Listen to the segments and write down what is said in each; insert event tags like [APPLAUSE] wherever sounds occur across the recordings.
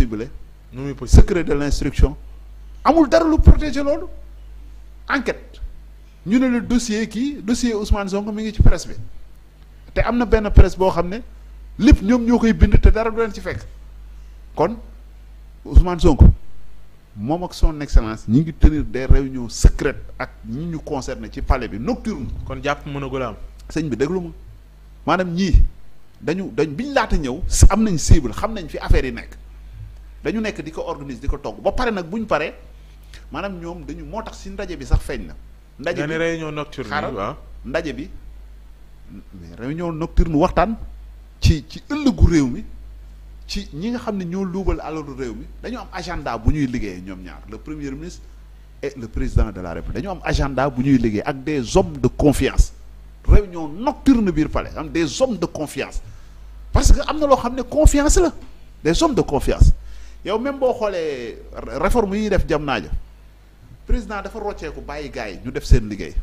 ciblé secret de l'instruction amul dara lu protéger loolu enquête ñu ne lu dossier kii dossier Ousmane Sonko mi ngi ci presse bi te am na benn presse boo xam ne lépp ñoom ñoo koy bind te dara du leen ci fekk kon Ousmane sonk moom ak son excellence ñi ngi de des réunions secrètes ak ñi ñu concerné ci pale bi nocturne kon jàpp mën a gën am sëñ bi déglu ma maanaam ñii dañu dañ biñ laata ñëw am nañ cible xam nañ fi affaire yi nekk dañu nekk di ko organise di ko togg ba pare nag bu ñu paree maanaam ñoom dañu moo tax si ndaje bi sax feeñ na. ndaje bi réunion nocturne xaaral ndaje bi mais réunion nocturne waxtaan ci ci ëllëgu réew mi ci ñi nga xam ne ñoo luubal alalu réew mi dañu am agenda bu ñuy liggéeyee ñoom ñaar le premier ministre et le président de la république dañu am agenda bu ñuy liggéey ak des hommes de confiance réunion nocturne biir palais am des hommes de confiance parce que am na loo xam ne confiance des hommes de confiance. yow même boo xoolee réforme yi ñuy def jam naajo président dafa rocceeku bàyyi gars yi ñu def seen liggéey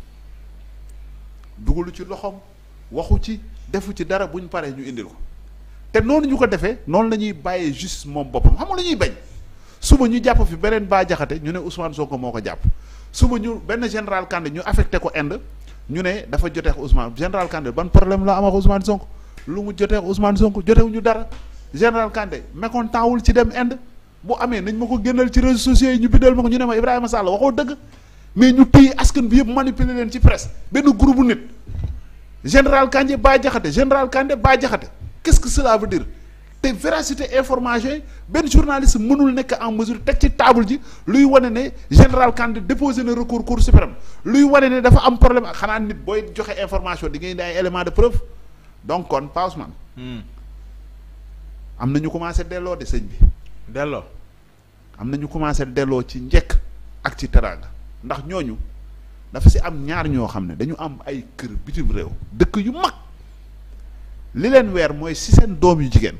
dugalu ci loxoom waxu ci defu ci dara bu ñu paree ñu indil ko te noonu ñu ko defee noonu la ñuy bàyyee juste moom boppam xam nga lu ñuy bañ suba ñu jàpp fi beneen baa ñu ne Ousmane Sonko moo ko jàpp suba ñu benn général Kandé ñu affecté ko Inde ñu ne dafa joteex Ousmane général Kandé ban problème la am ak Ousmane Sonko lu mu joteex Ousmane Sonko jotewuñu dara général Kandé mécontaawul ci dem Inde bu amee nañ ma ko génnal ci réseaux sociaux yi ñu bindal ma ko ñu ne ma Ibrahima Sall waxoo dëgg mais ñu téye askan bi yëpp manipuler leen ci presse benn groupe nit général Kandé baa jaxate général Kandé baa jaxate qu'est-ce que cela veut dire te véracité information benn journaliste mënul nekk en mesure teg ci table ji luy wane ne général Kandé déposé na recours cour suprême luy wane ne dafa am problème ak xanaa nit joxe information di ngay indi ay de preuve donc kon Pa am na ñu commencé delloo de sëñ bi delloo am na ñu commencé delloo ci njëkk ak ci teraanga ndax ñooñu dafa si am ñaar ñoo xam ne dañu am ay kër bitim réew dëkk yu mag li leen weer mooy si seen doom yu jigéen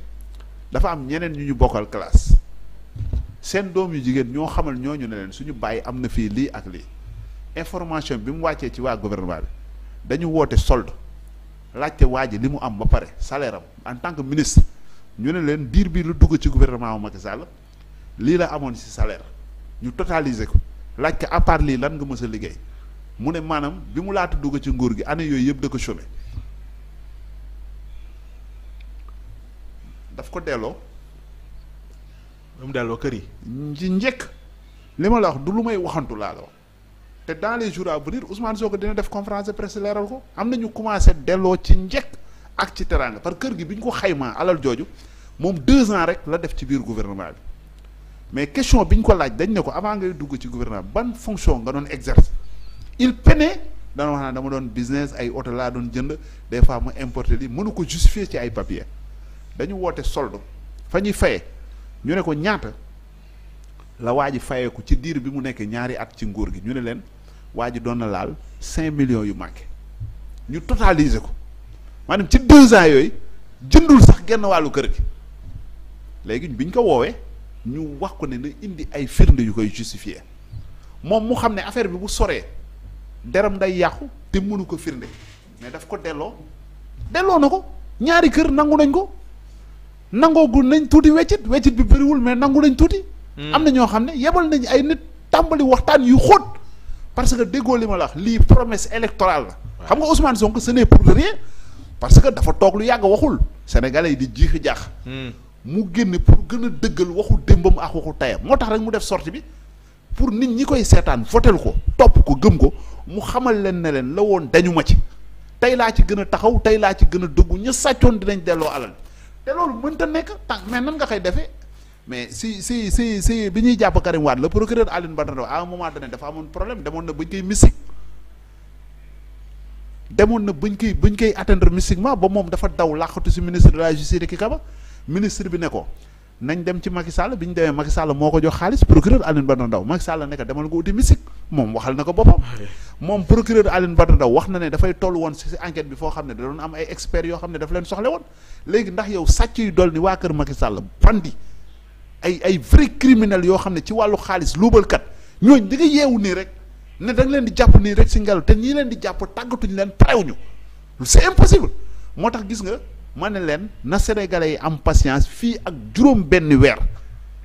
dafa am ñeneen ñu ñu bokkal classe seen doom yu jigéen ñoo xamal ñooñu ne leen suñu bàyyi am na fii lii ak lii information bi mu wàccee ci waa gouvernement bi dañu woote solde laajte waa ji li mu am ba pare salaire en tant que ministre ñu ne leen diir bi lu dugg ci gouvernement wu Macky Sall lii la amoon si salaire ñu totaliser ko laaj ko à lii lan nga mës a liggéey mu ne maanaam bi mu laata dugg ci nguur gi année yooyu yëpp da ko chômé daf ko delloo. mu delloo kër yi. ci njëkk li ma la wax du lu may waxantu laa la wax te dans les jours à venir Ousmane Sonko dina def conférence de presse leeral ko am na ñu commencé delloo ci njëkk. ak ci teraanga parce que kër gi bi ñu ko xaymaa alal jooju moom deux ans rek la def ci biir gouvernement bi mais question bi ñu ko laaj dañ ne ko avant ngay dugg ci gouvernement ban fonction nga doon exercer il pene dana wax naa dama doon business ay oto laa doon jënd des fois mu importer li mënu ko justifier ci ay papier dañu woote solde fa ñuy faye ñu ne ko ñaata la waa ji ko ci diir bi mu nekk ñaari at ci nguur gi ñu ne leen waa ji doon na laal cinq millions yu manqué ñu totaliser ko maanaam ci deux ans yooyu jëndul sax genn wàllu kër gi léegi bi ñu ko woowee ñu wax ko ne na indi ay firnde yu koy justifier moom mu xam ne affaire bi bu soree deram day yàqu te mënu ko firnde mais daf ko delloo delloo na ko ñaari kër nangu nañ ko nangoogu nañ tuuti weccit weccit bi bëriwul mais nangu nañ tuuti hmm. am na ñoo xam ne yebal nañ ay nit tàmbali waxtaan yu xóot parce que déggoo li ma la wax lii promesse électorale la xam nga Ousmane Sonko ce n'est pour rien parce que dafa toog lu yàgg waxul sénégalais yi di jiixi jaax hmm. mu génne pour gën a dëggal waxu démbam ak waxu tayam moo tax rek mu def sortie bi pour nit ñi koy seetaan votel ko topp ko gëm ko mu xamal leen ne leen la woon dañu ma ci tey laa ci gën a taxaw tey laa ci gën a dugg ñu sàccoon dinañ delloo alal te loolu mënta nekk tànk mais nan nga koy defee mais si si si si bi ñuy jàpp Karim Wade le procureur Aline Badara à un moment donné dafa amoon problème demoon na ba ñu koy demoon na buñ koy buñ koy atteindre mystiquement ba moom dafa daw làqatu si ministre de la justice Sidiki Kaba ministre bi ne ko nañ dem ci Macky Sall bi ñu demee Macky Sall moo ko jox xaalis procureur Aline Badara Ndao Macky Sall ne ko demal nga uti mystique moom waxal na ko boppam. Ah moom procureur Aline Badara Ndao wax na ne dafay toll woon si enquête bi foo xam ne da doon am ay experts yoo xam ne daf leen soxle woon léegi ndax yow sàcc yu dool ni waa kër Macky Sall bandi ay ay vrai criminels yoo xam ne ci wàllu xaalis luubalkat ñooñu da nga yeewu nii rek. ne da leen di jàpp nii rek si ngelaw te ñii leen di jàpp tàggatuñ leen parewuñu c'est impossible moo tax gis nga ma ne leen na sénégalais yi am patience fii ak juróom benn weer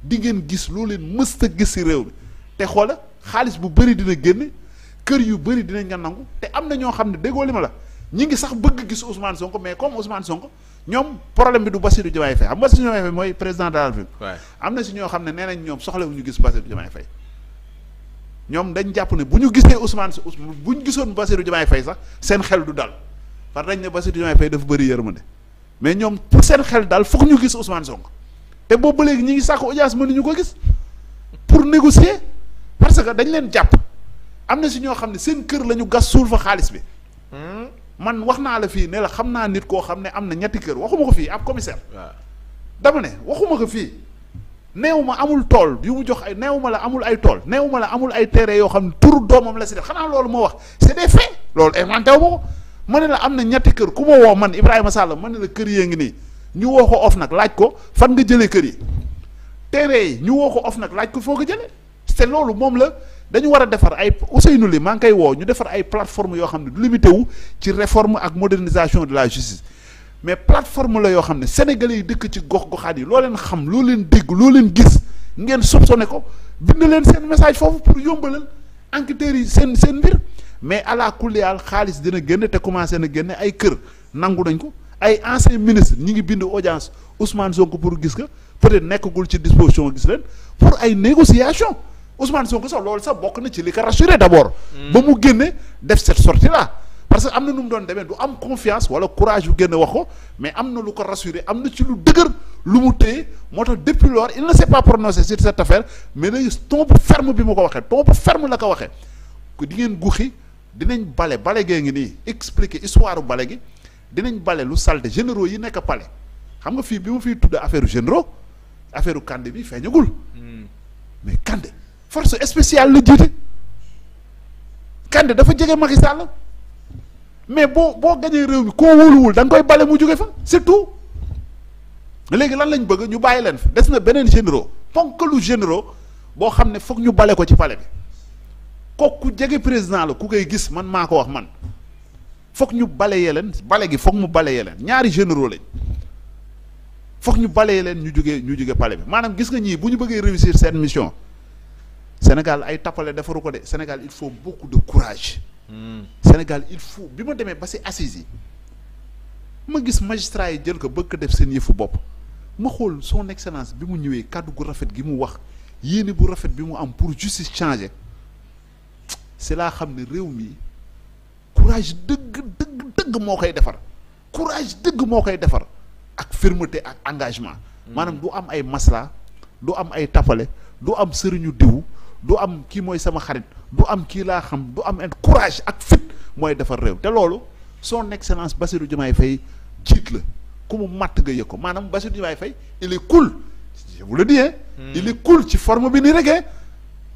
di ngeen gis loo leen mësta gis si réew mi te xoola xaalis bu bëri dina génn kër yu bëri dinañ nga nangu te am na ñoo xam ne déggoo li ma la ñi ngi sax bëgg gis Ousmane Sonko mais comme Ousmane Sonko ñoom problème bi du Bassirou Diomaye Faye am mooy président de am na si ñoo xam ne nee nañ ñoom soxlawuñu gis Bassirou Diomaye Faye ñoom dañ jàpp ne bu ñu gisee Ousmane bu ñu gisoon Bassirou Diomaye Faye sax seen xel du dal par dañ ne Bassirou Diomaye Faye dafa ma yërmande mais ñoom pour seen xel daal foog ñu gis Ousmane Sonko te boobu ba léegi ñi ngi sàkku audience ñu ko gis pour négocier parce que dañ leen jàpp am na si ñoo xam ne seen kër la ñu gas suul fa xaalis bi hmm? man wax naa la fii ne la xam naa nit koo xam ne am na ñetti kër waxuma ko fii ab commissaire dama ne waxuma fii neew amul tool yu mu jox ay neew ma la amul ay tool neew ma la amul ay terrain yoo xam ne tur doomam la si def xanaa loolu moo wax c'est des loolu inventé wu ma ko ma ne la am na ñetti kër ku ma woo man Ibrahima Sall ma ne la kër yee ngi nii ñu woo ko of nag laaj ko fan nga jëlee kër yi terrain yi ñu woo ko of nag laaj ko foo ko jëlee c'est loolu moom la dañu war a defar ay Ousseynou lii maa ngi koy woo ñu defar ay plateforme yoo xam ne du limité ci réforme ak modernisation de la justice mais plateforme la yoo xam ne sénégalais yi dëkk ci gox-goxaat yi loo leen xam loo leen dégg loo leen gis ngeen soupçonné ko bind leen seen message foofu pour yombalal enquêteurs yi seen seen mbir mais à la kulliyaal xaalis dina génne te commencé na génne ay kër nangu nañ ko ay ancien ministre ñi ngi bind audience Ousmane Sonko pour gis ka peut-être nekkagul ci disposition gis leen pour ay négociation Ousmane Sonko sax lool sax bokk na ci li ko rassuré d'abord. Hmm. ba mu génne def cette sortie parce que am na nu mu doon demee du am confiance wala courage yu génn wax ko mais am na lu ko rassurer am na ci lu dëgër lu mu téye moo tax depuis lors il ne s'est pas prononcé sur cette affaire mais léegi ton ferme bi mu ko waxee ton bu ferme la ko waxee di ngeen guxi dinañ bale bale gee ngi nii expliquer histoire bale gi dinañ bale lu salte généraux yi nekk pale xam nga fii bi ma fiy tudd affaire généraux affaire kande bi feeñagul hmm. mais Kandé force spéciale la jiite Kandé dafa jege Macky Sall mais boo boo gañee réew mi koo wóoluwul da koy bale mu jóge fa surtout léegi lan lañ bëgg ñu bàyyi leen fa des na beneen généro ponk lu généraux boo xam ne foog ñu bale ko ci palais bi ku jege président la ku koy gis man maa ko wax man foog ñu balayee leen bale gi foog mu balayee leen ñaari généraux lañ foog ñu balayee leen ñu jógee ñu jóge pale bi maanaam gis nga ñii bu ñu bëggee réussir seen mission Sénégal ay tappale defaru ko de Sénégal il faut beaucoup de courage Sénégal il faut bi ma demee ba si assises yi ma gis magistrat yi jël ko bëgg ko def seen yëfu bopp ma xool son excellence bi mu ñëwee kàddu gu rafet gi mu wax yéene bu rafet bi mu am pour justice changer c'est laa xam ne réew mi courage dëgg dëgg dëgg moo koy defar courage dëgg moo koy defar ak firmeté ak engagement hmm. maanaam du am ay masla du am ay tapale du am sëriñu diw du am kii mooy sama xarit du am kii laa xam du am courage ak fit mooy defar réew te loolu soo nekk excellence Bassirou Diomaye Faye jiit la ku mu matt nga yëg ko maanaam Bassirou Diomaye Faye il est cool je vous le dis hmm. ci forme bi nii rek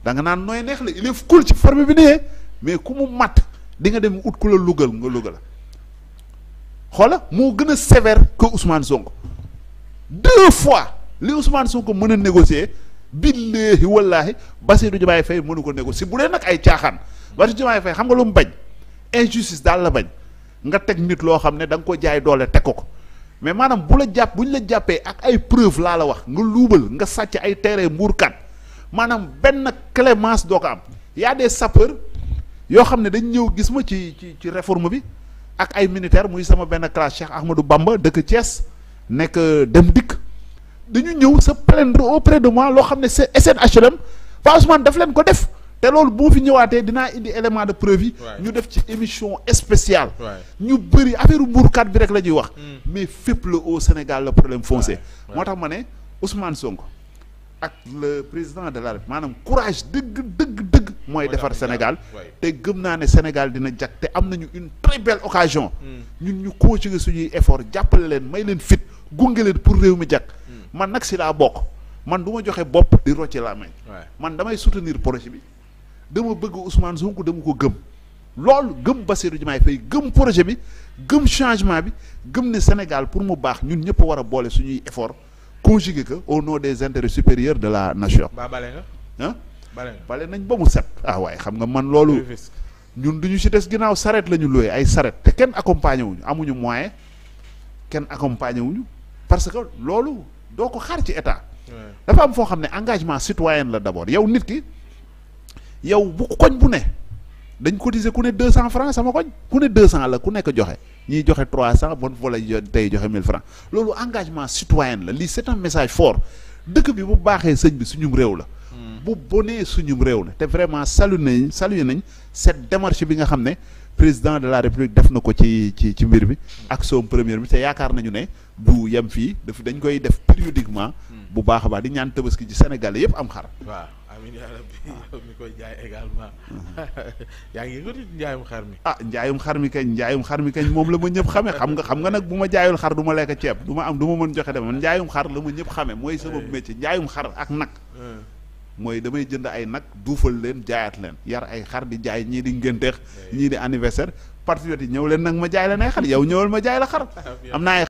da nga naan nooy neex la il est cool ci forme bi nii mais ku mu matt di nga dem ut ku la lugal nga lugal xoola moo gën a sever que Ousmane Sonko deux fois li Ousmane Sonko mën a négocier. billaahi wallaahi Bassirou Diomaye Faye mënu ko si bu dee nag ay caaxaan Bassirou Diomaye fay xam nga lu mu bañ injustice daal la bañ nga teg nit loo xam ne da nga ko jaay doole teg ko ko mais maanaam bu la jàpp bu ñu la jàppee ak ay preuve laa la wax nga luubal nga sàcc ay terrain mbuurkat maanaam benn clémence doo ko am yaa a des sapeurs yoo xam ne dañ ñëw gis ma ci ci ci réforme bi ak ay militaire muy sama benn classe Cheikh Ahmadou Bamba dëkk Thiès nekk euh, dem dikk dañu ñëw sa se plaindre près de moi loo xam ne c'est SNHLM Pa Ousmane daf leen ko def te loolu boo fi ñëwaatee dinaa indi élément de preuve ñu def ci émission spéciale ñu bëri affaire mbuurkat bi rek la ñuy wax mm. mais fépp la au Sénégal le problème foncé moo tax ma ne Ousmane Sonko ak le président de la République maanaam courage dëgg dëgg dëgg mooy defar Sénégal te gëm naa ne Sénégal dina jag te am nañu une très belle occasion mm. ñun ñu continuer suñuy effort jàppale leen may leen fit gunge leen pour réew mi jag man nag si laa bokk man du ma joxe bopp di rocce la main man damay soutenir projet bi dama bëgg Ousmane Sonko dama ko gëm loolu gëm Bassirou Diomaye Faye gëm projet bi gëm changement bi gëm ne Sénégal pour mu baax ñun ñëpp war a boole suñuy effort conjugué que au nom des intérêts supérieurs de la nation. ba bale nga. ah bale nañ ba mu set. ah waaye xam nga man loolu. ñun duñu ñu si des ginnaaw saret la ñu looyee ay saret te kenn accompagner wuñu amuñu moyen kenn accompagner wuñu parce que doo ko xaar ci état. dafa am foo xam ne engagement citoyen la d' abord yow nit ki yow bu koñ bu ne dañ cotiser ku ne 200 francs sama koñ ku ne 200 la ku nekk joxe ñiy joxe 300 bon fa lay tey joxe 1000 francs loolu engagement citoyen la lii c' est message fort dëkk bi bu baaxee sëñ bi suñum réew la. Hmm. bu bonee suñum réew la te vraiment salu nañ salué nañ cette démarche bi nga xam ne. président de la république def na ko ci ci ci mbir bi ak soom premier bi te yaakaar nañu ne du yem fii daf dañ koy def périodiquement hmm. bu baax a baax di ñaan tabaski ci Sénégal yëpp am xar waaw amiin ah. koy jaay également hmm. [LAUGHS] ngi yëngatu njaayum xar mi ah njaayum xar mi kañ njaayum xar mi kañ moom la ma ñëpp xame xam nga xam nga nag bu ma jaayul xar du ma lekk ceeb du ma am du ma mën joxe dem man njaayum xar la ma ñëpp xame mooy sama eh. métier njaayum xar ak nag eh. mooy damay jënd ay nag duufal leen jaayaat leen yar ay xar di jaay ñii di ngénteex ñii di anniversaire patriote yi ñëw leen nag ma jaay la nay xar yow ñëwal ma jaay la xar [LAUGHS] am naa